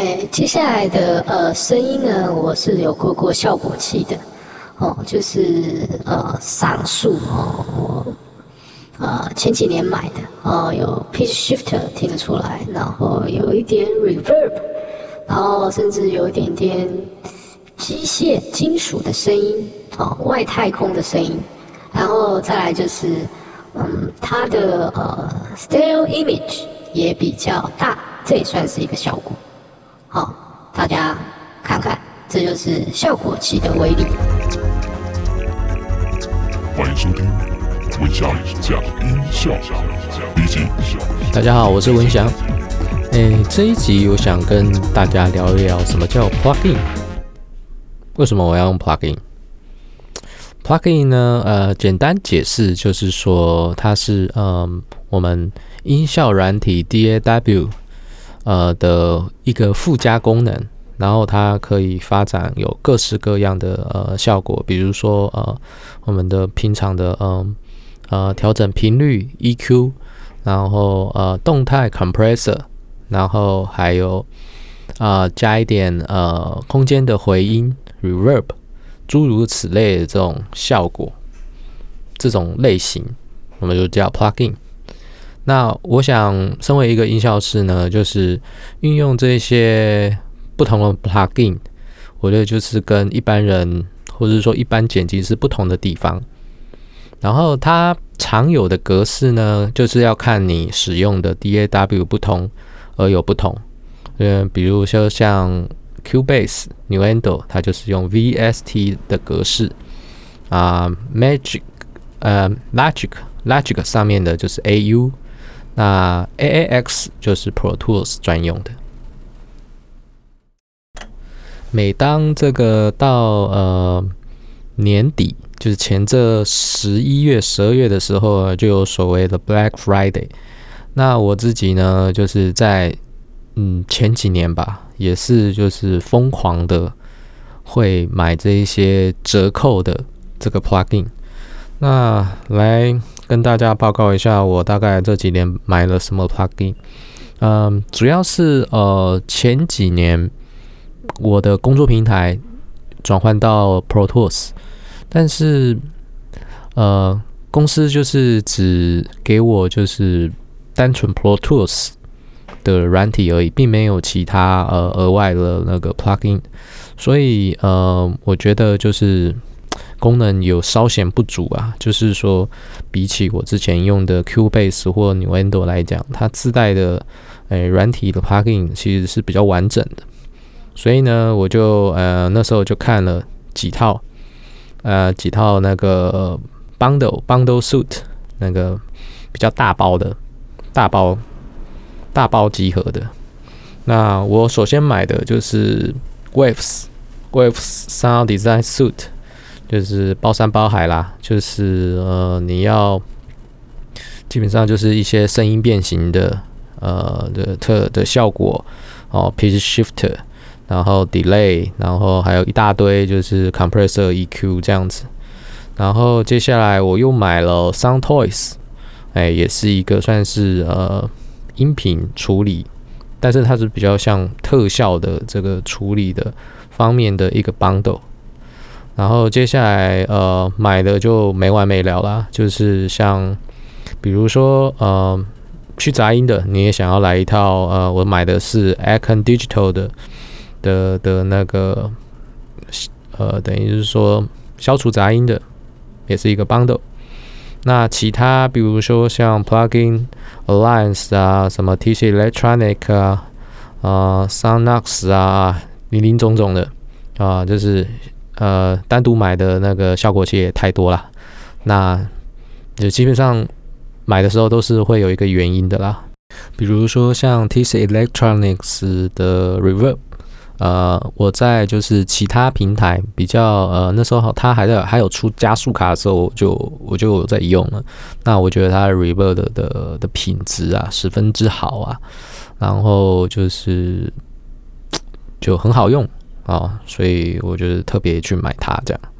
對，接下來的呃聲音呢，我是有過過效果器的，哦，就是呃閃爍哦，呃前幾年買的哦，有 pitch shifter 聽得出來，然後有一點 reverb，然後甚至有一點點機械金屬的聲音哦，外太空的聲音，然後再來就是嗯它的呃 stereo image 也比較大，這也算是一個效果。好、哦，大家看看，這就是效果器的威力。歡迎收聽文祥講音效第八集。大家好，我是文祥。哎，這一集我想跟大家聊一聊什麼叫 plugin。為什麼我要用 plugin？plugin pl 呢？呃，簡單解釋就是說，它是嗯、呃，我們音效軟體 DAW。呃的一個附加功能，然後它可以發展有各式各樣的呃效果，比如說呃我們的平常的嗯呃，呃調整頻率 EQ，然後呃動態 compressor，然後還有啊，呃，加一點呃空間的回音 reverb，諸如此類的這種效果，這種類型，我們就叫 plugin。那我想，身為一個音效師呢，就是運用這些不同的 plugin，我覺得就是跟一般人或者說一般剪輯是不同的地方。然後它常有的格式呢，就是要看你使用的 DAW 不同而有不同。嗯，比如說像 Cubase、Nuendo，它就是用 VST 的格式啊。Magic，呃，Logic，Logic Logic 上面的就是 AU。那 AAX 就是 Pro Tools 專用的。每當這個到呃年底，就是前這十一月、十二月的時候，就有所謂的 Black Friday。那我自己呢，就是在嗯前幾年吧，也是就是瘋狂的會買這一些折扣的這個 Plugin，那來。跟大家報告一下，我大概這幾年買了什麼 plugin 嗯，um, 主要是呃前幾年我的工作平台轉換到 Pro Tools，但是呃公司就是只給我就是單純 Pro Tools 的軟體而已，並沒有其他呃額外的那個 plugin，所以呃我覺得就是。功能有稍顯不足啊，就是說，比起我之前用的 Cubase 或 Nuendo 來講，它自帶的哎、呃、軟體的 Packing 其實是比較完整的。所以呢，我就呃那時候就看了幾套，呃幾套那個 Bundle Bundle Suit 那個比較大包的大包大包集合的。那我首先買的就是 Waves Waves Sound Design Suit。就是包山包海啦，就是呃，你要基本上就是一些聲音變形的呃的特的效果哦，Pitch Shifter，然後 Delay，然後還有一大堆就是 Compressor、EQ 這樣子。然後接下來我又買了 Sound Toys，哎，也是一個算是呃音頻處理，但是它是比較像特效的這個處理的方面的一個 bundle。然後接下來，呃，買的就沒完沒了啦，就是像，比如說，呃，去雜音的，你也想要來一套，呃，我買的是 Acon Digital 的的的那個，呃，等於就是說消除雜音的，也是一個 Bundle。那其他，比如說像 Plugin Alliance 啊，什麼 TC Electronic 啊，啊、呃、Sonnox 啊，林林總總的，啊、呃，就是。呃，單獨買的那個效果器也太多了，那也基本上買的時候都是會有一個原因的啦。比如說像 TC Electronics 的 Reverb，呃，我在就是其他平台比較呃那時候他它還在還有出加速卡的時候就，就我就在用了。那我覺得它 Reverb 的的，的品質啊十分之好啊，然後就是就很好用。啊，所以我就是特別去買它這樣。